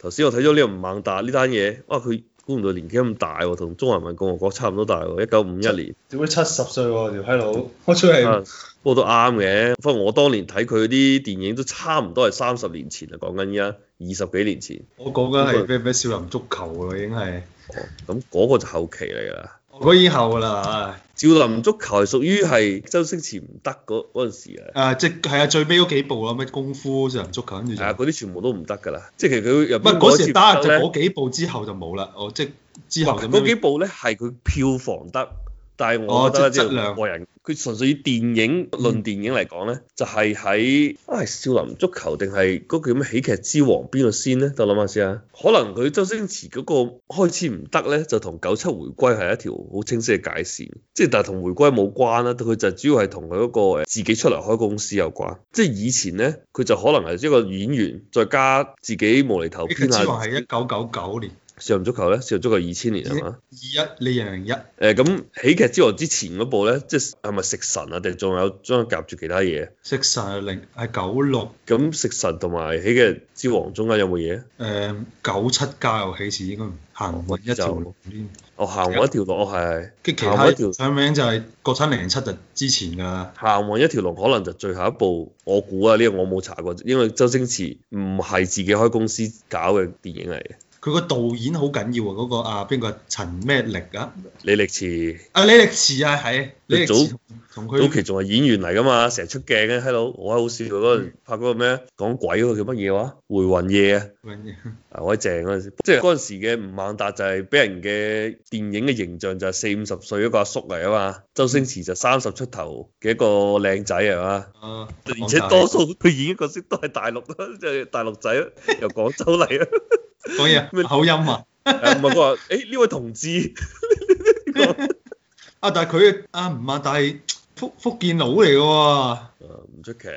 頭先我睇咗呢個吳孟達呢單嘢，哇佢估唔到年紀咁大，同中華人民共和國差唔多大，一九五一年，點解七十歲喎，條閪佬，我出嚟，不過、啊、都啱嘅，不過我當年睇佢啲電影都差唔多係三十年前啊，講緊依家二十幾年前，我講緊係咩咩少林足球啊已經係，哦咁嗰個就後期嚟啦。我以後噶啦，少林足球係屬於係周星馳唔得嗰嗰陣時啊。啊，即係啊，最尾嗰幾部咯，咩功夫、少林足球，跟住啊嗰啲全部都唔得噶啦。即係其實佢入邊嗰幾部咧。唔係嗰時得，就嗰幾部之後就冇啦。啊、我哦，即係之後咁樣嗰幾部咧係佢票房得，但係我覺得即係個人。佢純粹以電影論電影嚟講咧，嗯、就係喺啊少林足球定係嗰個叫咩喜劇之王邊度先咧？就諗下先啊，可能佢周星馳嗰個開始唔得咧，就同九七回歸係一條好清晰嘅界線，即係但係同回歸冇關啦，佢就主要係同佢嗰個自己出嚟開公司有關。即係以前咧，佢就可能係一個演員，再加自己無厘頭編下。喜劇之王係一九九九年。少林足球咧，少林足球二千年係嘛？二一，你零零一。誒咁、呃，喜劇之王之前嗰部咧，即係係咪食神啊？定仲有將夾住其他嘢？食神係零係九六。咁食神同埋喜劇之王中間有冇嘢？誒、呃、九七家有喜事，應該行運一條龍先。哦，行運一條龍，哦係。行一條。上名就係國產零零七就之前㗎。行運一條龍可能就最後一部，我估啊，呢、這個我冇查過，因為周星馳唔係自己開公司搞嘅電影嚟嘅。佢個導演好緊要啊！嗰、嗰個啊邊個陳咩力，啊，力啊？李力持啊，李力持啊，係李力持同佢早期仲係演員嚟噶嘛，成日出鏡嘅。Hello，我喺好笑嗰陣拍嗰個咩講鬼嗰個叫乜嘢話？回魂夜啊，麼我啊好閪正嗰陣時，即係嗰陣時嘅吳孟達就係俾人嘅電影嘅形象就係四五十歲一個阿叔嚟啊嘛，周星馳就三十出頭嘅一個靚仔係嘛，嗯、而且多數佢演嘅角色都係大陸咯，即係大陸仔由廣州嚟啊。講嘢啊，口音啊，誒、 欸，唔係佢話，誒呢位同志， 啊但係佢啊唔啊但係。福福建佬嚟嘅喎，唔出奇，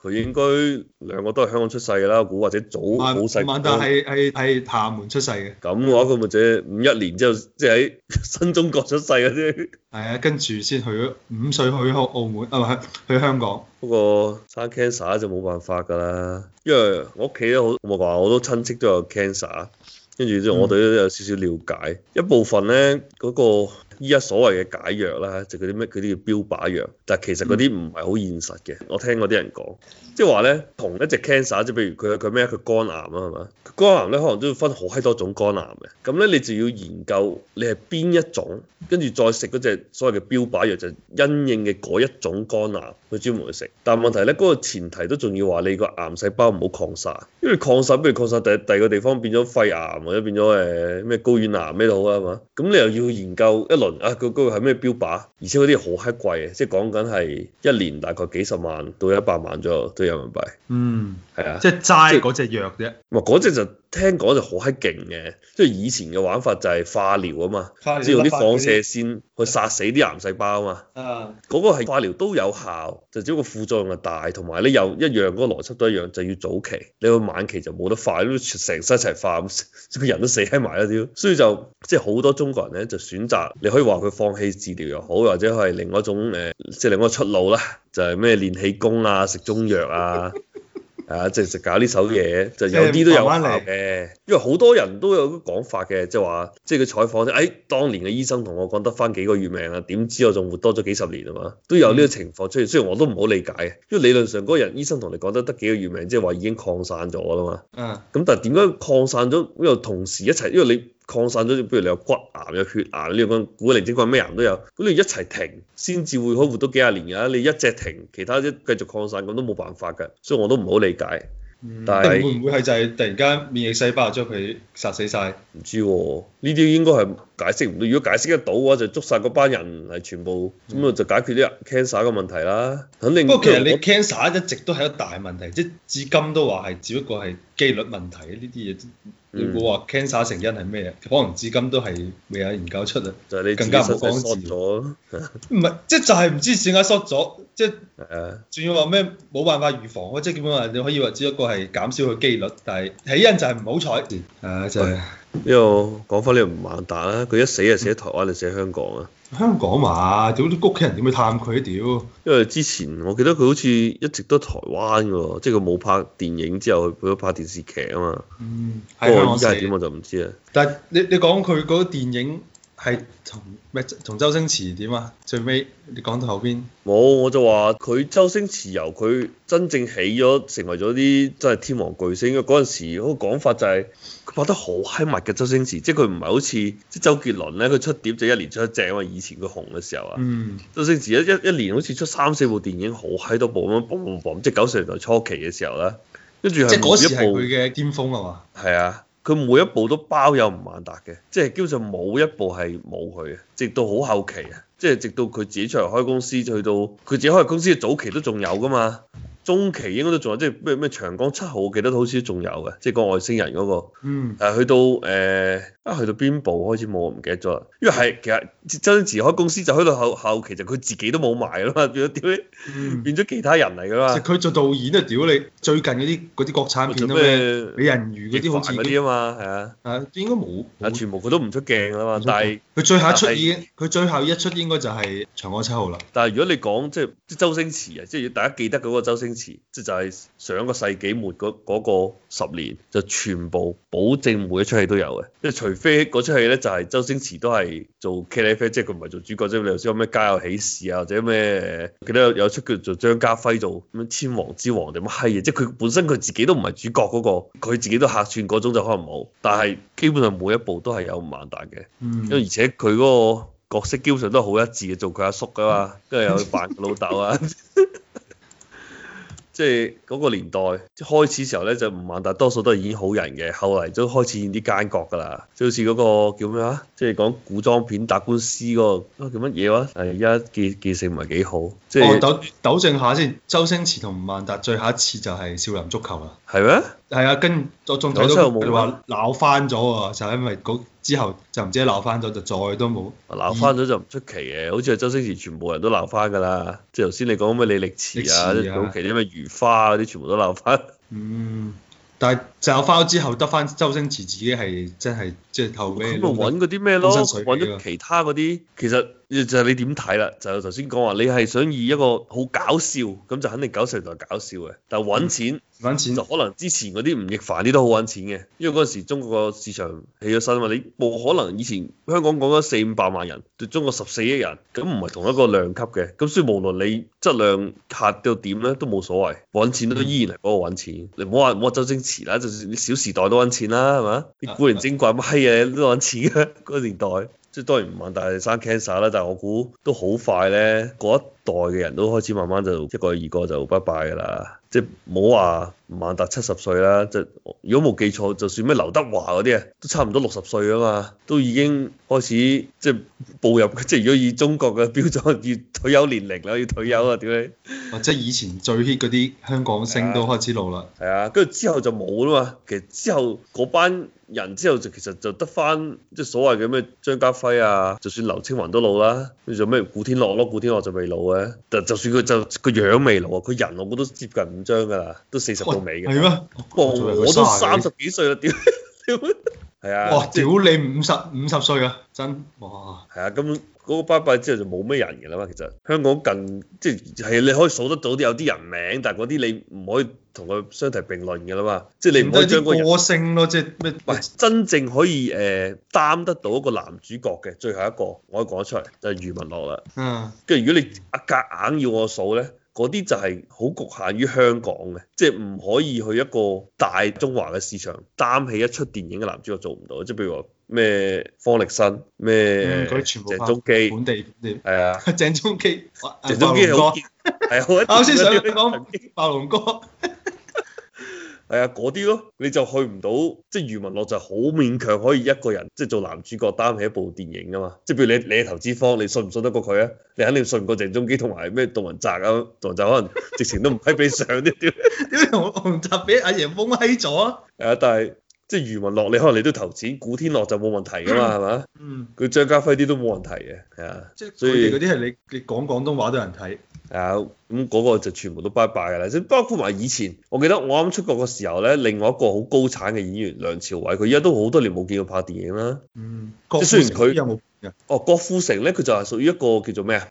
佢應該兩個都係香港出世嘅啦，估或者早好細。孟孟達係係係廈門出世嘅。咁我估或者五一年之後，即係喺新中國出世嘅啫。係 啊，跟住先去咗五歲去澳澳門啊，唔去，去香港。不過生 cancer 就冇辦法㗎啦，因為我屋企都好，我話好多親戚都有 cancer。跟住之後，嗯、我哋都有少少了解。一部分咧，嗰、嗰個依家所謂嘅解藥啦，就嗰啲咩嗰啲叫標靶藥，但係其實嗰啲唔係好現實嘅。我聽嗰啲人講，即係話咧，同一隻 cancer，即係譬如佢佢咩，佢肝癌啊，係嘛？肝癌咧，可能都要分好閪多種肝癌嘅。咁咧，你就要研究你係邊一種，跟住再食嗰隻所謂嘅標靶藥，就是、因應嘅嗰一種肝癌去專門去食。但係問題咧，嗰、嗰個前提都仲要話你個癌細胞唔好擴散，因為擴散譬如擴散第第二個地方變咗肺癌。或者變咗誒咩高遠男咩都好啊嘛，咁你又要研究一輪啊？佢嗰個係咩標靶？而且嗰啲好黑貴啊，即係講緊係一年大概幾十萬到一百萬左右，都有人民幣。嗯，係啊，即係齋嗰隻藥啫。唔係嗰隻就。聽講就好閪勁嘅，即係以前嘅玩法就係化療啊嘛，即係用啲放射線去殺死啲癌細胞啊嘛。啊！嗰個係化療都有效，就只不過副作用係大，同埋咧又一樣嗰個邏輯都一樣，就要早期。你去晚期就冇得快，都成身一齊化咁，個人都死喺埋一啲。所以就即係好多中國人咧就選擇，你可以話佢放棄治療又好，或者係另一種誒，即係另外出路啦，就係咩練氣功啊、食中藥啊。 啊，即係食搞呢手嘢，嗯、就有啲都有話嘅，因為好多人都有啲講法嘅，即係話，即係佢採訪啲，誒、哎，當年嘅醫生同我講得返幾個月命啊，點知我仲活多咗幾十年啊嘛，都有呢個情況出現，雖然、嗯、我都唔好理解，因為理論上嗰個人醫生同你講得得幾個月命，即係話已經擴散咗啦嘛，咁、嗯、但係點解擴散咗又同時一齊，因為你。擴散咗，比如你有骨癌有血癌呢樣嘅，古靈精怪咩癌都有，咁你一齊停，先至會呵活到幾廿年噶。你一隻停，其他啲繼續擴散，咁都冇辦法噶。所以我都唔好理解。但係、嗯、會唔會係就係突然間免疫細胞將佢殺死晒？唔知喎、啊，呢啲應該係。解釋唔到，如果解釋得到嘅話，就捉晒嗰班人係全部，咁啊、嗯、就解決啲 cancer 嘅問題啦。肯定。不過其實你 cancer 一直都係一個大問題，即係至今都話係只不過係機率問題呢啲嘢你冇話 cancer 成因係咩？可能至今都係未有研究出啊。就係你。更加唔好講咗。唔係，即係就係唔知點解縮咗，即係。係仲是、啊、要話咩？冇辦法預防即係基本上你可以話只不過係減少佢機率，但係起因就係唔好彩。係、啊、就係、是。嗯呢、這個講翻呢、這個吳孟達啦，佢一死就死喺台灣定喺、嗯、香港啊？香港嘛，就好似屋企人點去探佢啊？屌！因為之前我記得佢好似一直都台灣嘅喎，即係佢冇拍電影之後，佢都拍電視劇啊嘛。嗯，啊，不過依家係點我就唔知啊，但係你你講佢嗰啲電影？係同咩？同周星馳點啊？最尾你講到後邊，冇、哦、我就話佢周星馳由佢真正起咗，成為咗啲真係天王巨星。因為嗰陣時個講法就係、是、佢拍得好閪密嘅周星馳，即係佢唔係好似即係周杰倫咧，佢出碟就一年出一隻啊嘛。以前佢紅嘅時候啊，嗯，周星馳一一一年好似出三四部電影，好閪多部咁樣，嘣嘣嘣，即係九十年代初期嘅時候啦，跟住係嗰時係佢嘅巔峰啊嘛，係啊。佢每一部都包有吳孟達嘅，即係基本上冇一部係冇佢嘅，直到好後期啊，即係直到佢自己出嚟開公司，去到佢自己開公司嘅早期都仲有㗎嘛。中期應該都仲有，即係咩咩長江七號，我記得好似仲有嘅，即係個外星人嗰、嗰個。嗯。係去到誒，一、呃、去到邊部開始冇，我唔記得咗啦。因為係其實周星馳開公司就去到後後期，就佢自己都冇埋啦嘛，變咗變咗其他人嚟噶啦。佢做導演啊，屌你！最近嗰啲啲國產片咩美人魚嗰啲好似。嗰啲啊嘛，係啊。係應該冇。係全部佢都唔出鏡噶嘛，嗯、但係佢最後一出，佢最後一出應該就係長江七號啦。但係如果你講即係周星馳啊，即、就、係大家記得嗰個周星。即就係上一個世紀末嗰、嗰個十年，就全部保證每一出戲都有嘅，即係除非嗰出戲呢，就係周星馳都係做茄喱啡，即係佢唔係做主角啫。就是、你又知有咩家有喜事啊，或者咩，記得有出叫做張家輝做咁千王之王定乜嘢，即係佢本身佢自己都唔係主角嗰、嗰個，佢自己都客串嗰種就可能冇。但係基本上每一部都係有吳孟達嘅，因為而且佢嗰個角色基本上都好一致嘅，做佢阿叔噶嘛，跟住又扮佢老豆啊。 即係嗰個年代，開始時候咧就吳孟達多數都係演好人嘅，後嚟都開始演啲奸角㗎啦，就好似嗰個叫咩啊？即係講古裝片打官司嗰個、啊、叫乜嘢話？誒，而家記記性唔係幾好，即係。我糾糾正下先，周星馳同吳孟達最後一次就係少林足球啦。係咩？係啊，跟仲仲都話鬧翻咗啊，就係因為之後就唔知得鬧翻咗，就再都冇。鬧翻咗就唔出奇嘅，好似係周星馳全部人都鬧翻噶啦。即係頭先你講咩李力持啊，早期啲咩如花嗰、啊、啲，全部都鬧翻。嗯，但係鬧翻之後，得翻周星馳自己係真係即係透。咁就揾嗰啲咩咯？揾咗其他嗰啲，其實。就係你點睇啦？就頭先講話，你係想以一個好搞笑咁就肯定九十年代搞笑嘅，但係揾錢揾、嗯、錢就可能之前嗰啲吳亦凡啲都好揾錢嘅，因為嗰陣時中國個市場起咗身啊嘛，你冇可能以前香港講緊四五百萬人對中國十四億人，咁唔係同一個量級嘅，咁所以無論你質量嚇到點咧都冇所謂，揾錢都依然係嗰個揾錢。嗯、你唔好話唔好話周星馳啦，就算《小時代》都、啊都揾錢啦，係嘛？你古靈精怪乜嘢都揾錢嘅嗰個年代。即係當然唔問，但係生 cancer 啦，但係我估都好快咧，嗰一代嘅人都開始慢慢就一個二個就拜拜㗎啦。即係冇話孟達七十歲啦，即係如果冇記錯，就算咩劉德華嗰啲啊，都差唔多六十歲啊嘛，都已經開始即係步入即係如果以中國嘅標準，要退休年齡啦，要退休啊點樣？或者以前最 hit 嗰啲香港星、啊、都開始老啦。係啊，跟住之後就冇啦嘛。其實之後嗰班人之後就其實就得翻即係所謂嘅咩張家輝啊，就算劉青雲都老啦，跟住咩古天樂咯，古天樂就未老嘅。但就算佢就個樣未老啊，佢人我估都接近。張噶啦，都四十到尾嘅。係咩？哦？哦、我都三十幾歲啦，屌屌。係啊。哇！屌你五十五十歲啊，真。哇。係啊，咁嗰個拜拜之後就冇咩人噶啦嘛。其實香港近即係你可以數得到啲有啲人名，但係嗰啲你唔可以同佢相提並論噶啦嘛。即係你唔可以將嗰個。星咯，即係咩？喂，真正可以誒擔、呃、得到一個男主角嘅最後一個，我可以講得出嚟，就係、余文樂啦。嗯。跟住如果你一格硬要我數咧。呢嗰啲就係好局限於香港嘅，即係唔可以去一個大中華嘅市場擔起一出電影嘅男主角做唔到。即係譬如話咩方力申、咩鄭中基本地嗰啲，係啊，鄭中基，嗯啊、鄭中基係爆龍哥，我先想你講爆龍哥。係啊，嗰啲咯，你就去唔到，即係余文樂就好勉強可以一個人即係做男主角擔起一部電影噶嘛，即係比如你你係投資方，你信唔信得過佢啊？你肯定信唔過鄭中基同埋咩杜汶澤啊，杜汶澤可能直情都唔閪俾上啲，點點解杜汶澤俾阿爺封閪咗啊？誒，但係。即係余文樂，你可能你都投錢，古天樂就冇問題噶嘛，係嘛？嗯，佢張吧、嗯、家輝啲都冇問題嘅，係啊。即係佢哋嗰啲係你你講廣東話都有人睇。啊，咁嗰個就全部都拜拜噶啦，即包括埋以前。我記得我啱出國嘅時候咧，另外一個好高產嘅演員梁朝偉，佢依家都好多年冇見佢拍電影啦。嗯，即雖然，郭富城有冇？哦，郭富城咧，佢就係屬於一個叫做咩啊？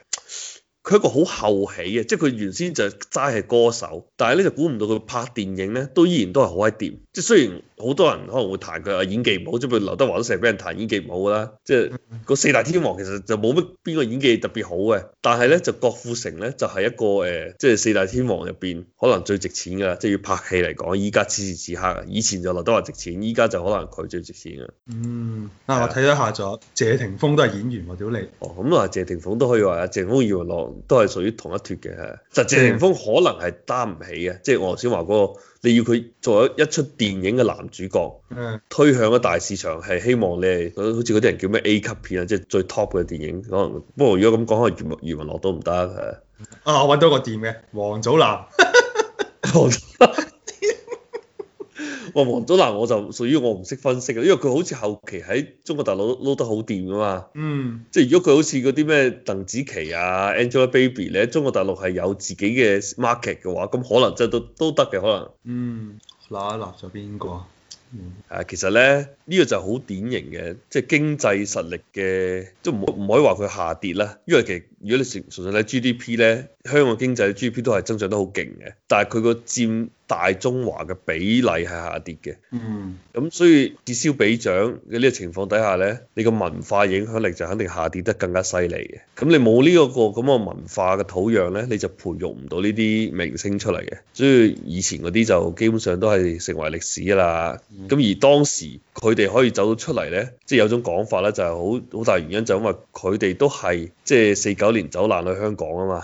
佢一個好後起嘅，即係佢原先就齋係歌手，但係咧就估唔到佢拍電影咧都依然都係好閪掂。即係雖然。好多人可能會彈佢啊，演技唔好，好，即譬如劉德華都成日俾人彈演技唔好噶啦。即係、嗯、四大天王其實就冇乜邊個演技特別好嘅，但係咧就郭富城咧就係、是、一個誒，即、呃、係、就是、四大天王入邊可能最值錢噶啦，即係要拍戲嚟講。依家此時此刻，以前就劉德華值錢，依家就可能佢最值錢嘅。嗯，的啊我睇咗下咗，謝霆鋒都係演員喎、啊，屌你。哦，咁、嗯、啊，謝霆鋒都可以話啊，謝霆鋒與雲龍都係屬於同一脫嘅，就、嗯、但謝霆鋒可能係擔唔起嘅，即係我先話嗰個。你要佢做一一出電影嘅男主角，推向個大市場，係希望你係，好似嗰啲人叫咩 A 級片啊，即係最 top 嘅電影。可能不過，如果咁講，可能余余文樂都唔得係。啊，我揾到個掂嘅，王祖藍。 喂，王祖藍我就屬於我唔識分析嘅，因為佢好似後期喺中國大陸撈得好掂噶嘛。嗯。即係如果佢好似嗰啲咩鄧紫棋啊、Angelababy 咧，中國大陸係有自己嘅 market 嘅話，咁可能真係都都得嘅可能。嗯，嗱一嗱咗邊個？嗯。係啊，其實咧呢個就係好典型嘅，即係經濟實力嘅，即唔唔可以話佢下跌啦。因為其實如果你純粹睇 GDP 咧，香港經濟 GDP 都係增長得好勁嘅，但係佢個佔大中華嘅比例係下跌嘅，咁、mm. 所以此消彼長嘅呢個情況底下呢，你個文化影響力就肯定下跌得更加犀利嘅。咁你冇呢一個咁嘅文化嘅土壤呢，你就培育唔到呢啲明星出嚟嘅。所以以前嗰啲就基本上都係成為歷史啦。咁而當時佢哋可以走到出嚟呢，即係有種講法呢，就係好好大原因就因為佢哋都係即係四九年走難去香港啊嘛。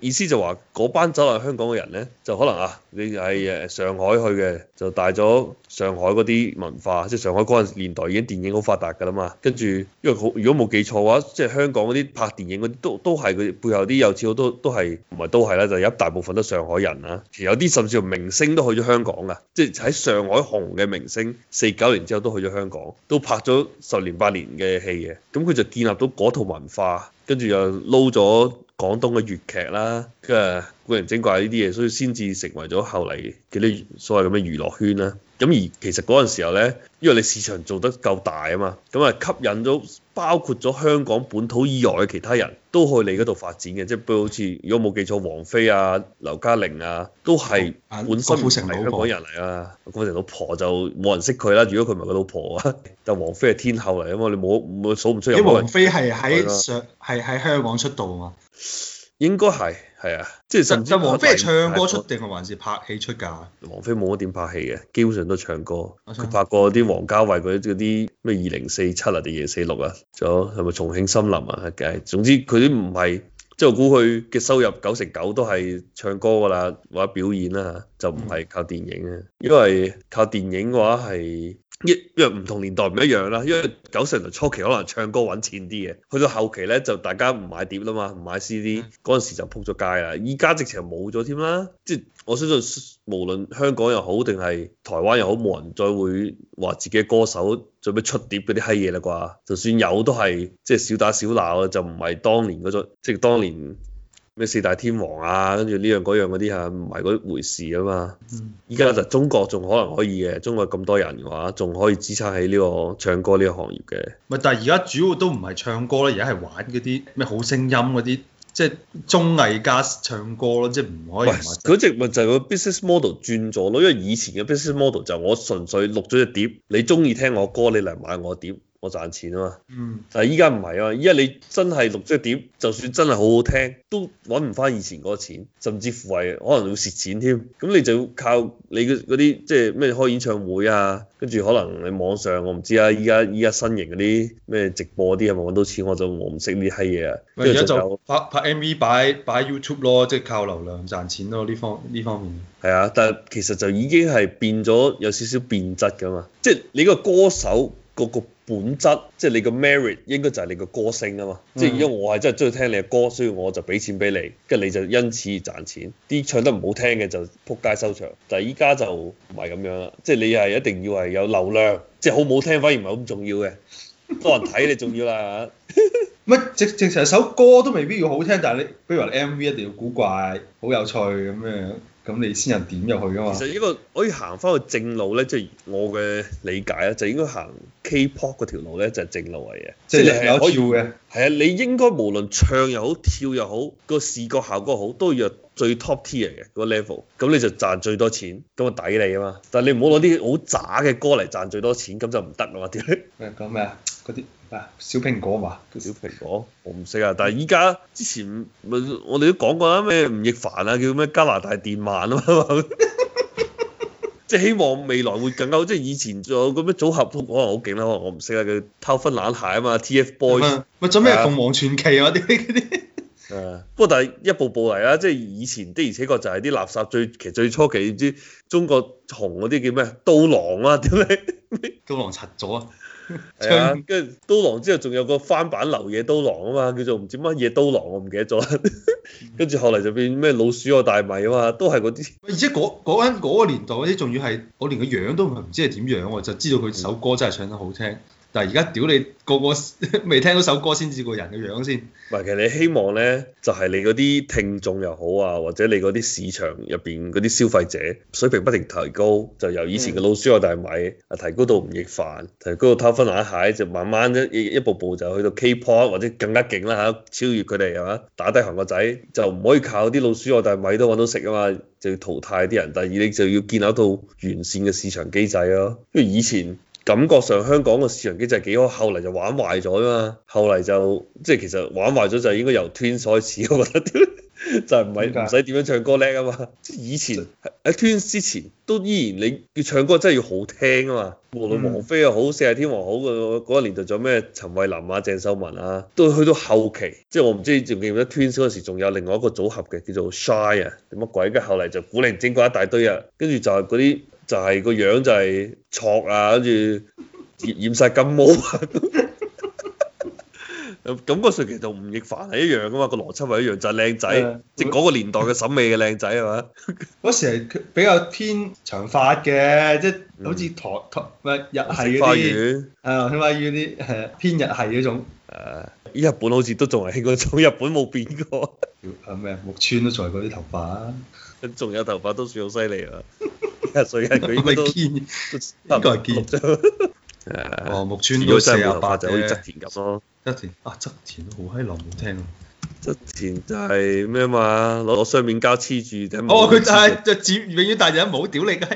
意思就話嗰班走嚟香港嘅人咧，就可能啊，你係誒上海去嘅，就帶咗上海嗰啲文化，即係上海嗰陣年代已經電影好發達㗎啦嘛。跟住因為好，如果冇記錯嘅話，即係香港嗰啲拍電影嗰啲都都係佢背後啲有錢佬好多都係唔係都係啦，就一大部分都上海人啦。其實有啲甚至乎明星都去咗香港㗎，即係喺上海紅嘅明星，四九年之後都去咗香港，都拍咗十年八年嘅戲嘅。咁佢就建立到嗰套文化，跟住又撈咗。廣東嘅粵劇啦，跟住古靈精怪呢啲嘢，所以先至成為咗後嚟嗰啲所謂咁嘅娛樂圈啦。咁而其實嗰陣時候呢。因為你市場做得夠大啊嘛，咁啊吸引咗包括咗香港本土以外嘅其他人都去你嗰度發展嘅，即係比如好似如果冇記錯，王菲啊、劉嘉玲啊，都係本身唔係香港人嚟啊。郭富城老婆就冇人識佢啦，如果佢唔係個老婆啊，但 係王菲係天后嚟啊嘛，你冇冇數唔出因為王菲係喺上係喺香港出道啊嘛，應該係。係啊，即係甚至王菲係唱歌出定係還是拍戲出㗎？王菲冇乜點拍戲嘅，基本上都唱歌。佢 拍過啲王家衞嗰啲咩二零四七啊定二零四六啊，仲有係咪《重慶森林》啊？一計，總之佢啲唔係，即係我估佢嘅收入九成九都係唱歌㗎啦，或者表演啦就唔係靠電影啊。嗯、因為靠電影嘅話係。一因為唔同年代唔一樣啦，因為九十年代初期可能唱歌揾錢啲嘅，去到後期咧就大家唔買碟啦嘛，唔買 CD，嗰陣時就撲咗街啦。依家直情冇咗添啦，即係我相信無論香港又好定係台灣又好，冇人再會話自己歌手做咩出碟嗰啲閪嘢啦啩。就算有都係即係小打小鬧，就唔係當年嗰種，即係當年。咩四大天王啊，跟住呢樣嗰樣嗰啲吓，唔係嗰回事啊嘛。依家就中國仲可能可以嘅，中國咁多人嘅話，仲可以支撐起呢個唱歌呢個行業嘅。咪但係而家主要都唔係唱歌咧，而家係玩嗰啲咩好聲音嗰啲，即係綜藝加唱歌咯，即係唔可以。佢只咪就係個 business model 轉咗咯，因為以前嘅 business model 就我純粹錄咗隻碟，你中意聽我歌，你嚟買我碟。我賺錢啊嘛，嗯、但係依家唔係啊！依家你真係錄即係點，就算真係好好聽，都揾唔翻以前嗰個錢，甚至乎係可能要蝕錢添。咁你就要靠你嗰啲即係咩開演唱會啊，跟住可能你網上，我唔知啊。依家依家新型嗰啲咩直播嗰啲係咪揾到錢？我就我唔識呢啲閪嘢啊。而家就拍拍 MV 擺擺 YouTube 咯，即係靠流量賺錢咯。呢方呢方面係啊，但係其實就已經係變咗有少少變質㗎嘛。即係你個歌手。個個本質即係、就是、你個 merit 應該就係你個歌聲啊嘛，即係、嗯、因為我係真係中意聽你嘅歌，所以我就俾錢俾你，跟住你就因此而賺錢。啲唱得唔好聽嘅就撲街收場。但係依家就唔係咁樣啦，即、就、係、是、你係一定要係有流量，即、就、係、是、好唔好聽反而唔係咁重要嘅，多人睇你重要啦。乜直直情成首歌都未必要好聽，但係你不如話 M V 一定要古怪，好有趣咁樣。咁你先人點入去噶嘛？其實呢個可以行翻個正路咧，即係我嘅理解咧，就應該行 K-pop 嗰條路咧，就係正路嚟嘅，即係係可以嘅。係啊，你應該無論唱又好跳又好，個視覺效果好，都要入最 top tier 嘅嗰個 level。咁你就賺最多錢，咁啊抵你啊嘛。但係你唔好攞啲好渣嘅歌嚟賺最多錢，咁就唔得啦嘛屌！誒講咩啊？嗰啲。小蘋果嘛？叫小蘋果，我唔識啊。但係依家之前咪我哋都講過啊咩？吳亦凡啊，叫咩加拿大電漫啊嘛，即係 希望未來會更加好。即係以前仲有嗰咩組合都可能好勁啦。我唔識啊，佢偷分冷鞋啊嘛。T F Boys，咪、 啊、做咩鳳凰傳奇啊？啲嗰啲， 不過但係一步步嚟啦。即係以前的，而且確就係啲垃圾最。其實最初期唔知中國紅嗰啲叫咩刀郎啊？點咩？ 刀郎沉咗啊？唱跟住刀郎之後仲有個翻版流嘢刀郎啊嘛，叫做唔知乜嘢刀郎我唔記得咗。跟 住後嚟就變咩老鼠愛大米啊嘛，都係嗰啲。而且嗰嗰陣嗰個年代嗰啲仲要係我連個樣都唔知係點樣、啊，我就知道佢首歌真係唱得好聽。但係而家屌你個個未聽到首歌先至個人嘅樣先。唔係，其實你希望咧，就係、是、你嗰啲聽眾又好啊，或者你嗰啲市場入邊嗰啲消費者水平不停提高，就由以前嘅老鼠愛大米啊提高到吳亦凡，提高到偷分攬蟹，就慢慢一一步步就去到 K-pop 或者更加勁啦嚇，超越佢哋係嘛，打低韓國仔，就唔可以靠啲老鼠愛大米都揾到食啊嘛，就要淘汰啲人。第二你就要建立一套完善嘅市場機制咯，因為以前。感覺上香港嘅市場機制幾好，後嚟，就玩壞咗啊嘛！後嚟就即係其實玩壞咗就係應該由 Twins 開始，我覺得 就係唔使唔使點樣唱歌叻啊嘛！即係以前喺吧 Twins 之前都依然你要唱歌真係要好聽啊嘛！無論王菲又好，四大天王好嗰個年代仲有咩陳慧琳啊、鄭秀文啊，都去到後期，即係我唔知你記唔記得 Twins 嗰時仲有另外一個組合嘅叫做 Shy 啊，點乜鬼，啊？跟住後嚟就古靈精怪一大，一大堆啊，跟住就係嗰啲。就係、是個樣就係挫啊，跟住染晒金毛啊，咁咁嗰時其實同吳亦凡係一樣噶嘛，個邏輯係一樣，就係、是、靚仔，即係嗰個年代嘅審美嘅靚仔係嘛？嗰時係比較偏長髮嘅，即、就、係、是、好似台台日系嗰啲，啊，起碼啲係偏日系嗰種。誒、啊，依日本好似都仲係興嗰種，日本冇變過。啊 咩木村都仲係嗰啲頭髮，仲有頭髮都算好犀利啊！ 所以係佢咪堅，應該係堅啫。哦，木村都四啊八仔，好似側田咁咯。側田啊，側田好閪難聽咯。側田就係咩嘛？攞個雙面膠黐住。哦，佢就係就剪永遠戴住一帽，屌你雞！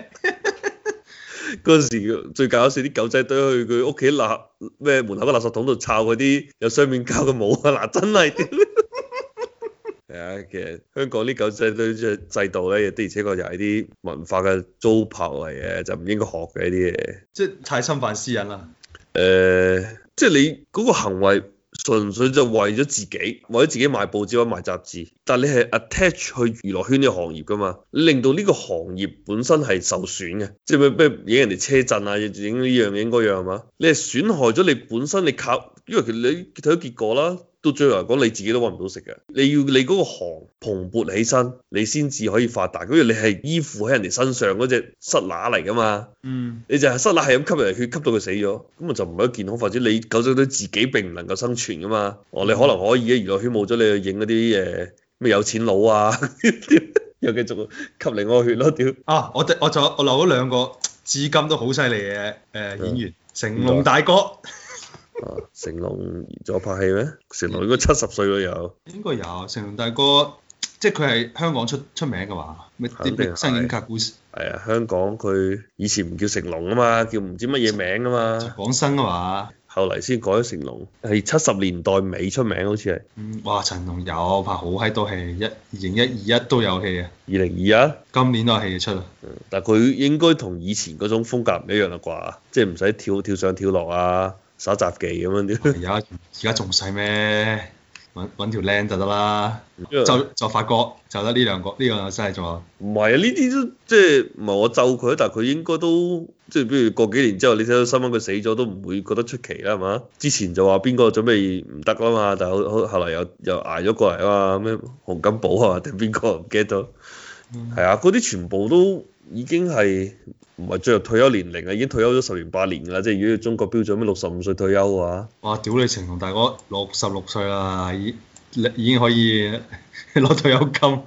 嗰陣時最搞笑啲狗仔隊去佢屋企垃咩門口個垃圾桶度摷佢啲有雙面膠嘅帽啊！嗱，真係屌！其實香港啲狗仔對啲制度咧，的而且確就係啲文化嘅糟粕嚟嘅，就唔應該學嘅一啲嘢。即係太侵犯私隱啦。誒、呃，即、就、係、是、你嗰個行為純粹就為咗自己，為咗自己賣報紙或者賣雜誌，但係你係 attach 去娛樂圈嘅行業㗎嘛？你令到呢個行業本身係受損嘅，即係咩咩影人哋車震啊，影呢樣影嗰樣係嘛？你係損害咗你本身你靠，因為你睇到結果啦。都最後講你自己都揾唔到食嘅，你要你嗰個行蓬勃起身，你先至可以發達。咁樣你係依附喺人哋身上嗰隻蝨乸嚟噶嘛？嗯，你就係蝨乸係咁吸人血，吸到佢死咗，咁啊就唔係一健康發展。你搞到都自己並唔能夠生存噶嘛？哦，你可能可以啊！娛樂圈冇咗你去影嗰啲誒，咩、呃、有錢佬啊？ 又繼續吸你嗰血咯，屌！啊！我我就我留咗兩個至今都好犀利嘅誒演員，的成龍大哥。 成龍仲有拍戲咩？成龍應該七十歲都有應該有。成龍大哥即係佢係香港出出名㗎嘛？肯定係。影格故事》係啊、哎，香港佢以前唔叫成龍啊嘛，叫唔知乜嘢名啊嘛。廣生啊嘛，後嚟先改咗成龍。喺七十年代尾出名，好似係。哇！陳龍有拍好閪多戲，一二零一二一都有戲啊。二零二一？今年都有戲出啊、嗯。但係佢應該同以前嗰種風格唔一樣啦啩，即係唔使跳跳上跳落啊。耍雜技咁樣啲，而家而家仲細咩？搵搵條靚就得啦。就就發覺就得呢兩個，呢、這個真係做。唔係啊，呢啲都即係唔係我咒佢，但係佢應該都即係，比如過幾年之後，你睇到新聞佢死咗，都唔會覺得出奇啦，係嘛？之前就話邊個準備唔得啊嘛，但係好後嚟又又捱咗過嚟、嗯、啊？嘛。咩洪金寶啊，定邊個唔 get 到？係啊，嗰啲全部都已經係。唔係，最後退休年齡啊，已經退休咗十年八年噶啦，即係如果中國標準咩六十五歲退休啊？哇！屌你成龍大哥六十六歲啦，已、嗯、已經可以攞退休金，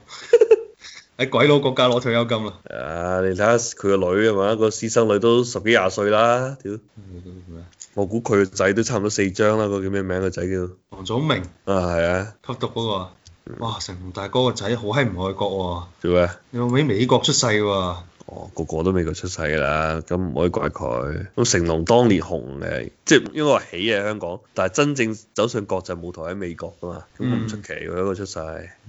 喺鬼佬國家攞退休金啦。啊！你睇下佢個女係嘛？個私生女都十幾廿歲啦，屌！嗯、我估佢個仔都差唔多四張啦，個叫咩名？個仔叫房祖名。啊，係啊！吸毒嗰、嗰個。嗯、哇！成龍大哥個仔好閪唔愛國喎，屌你！又喺美國出世喎。哦，個個都美國出世㗎啦，咁唔可以怪佢。咁成龍當年紅嘅，即係應該話，起嘅香港，但係真正走上國際舞台喺美國㗎嘛，咁唔出奇佢、嗯、一個出世。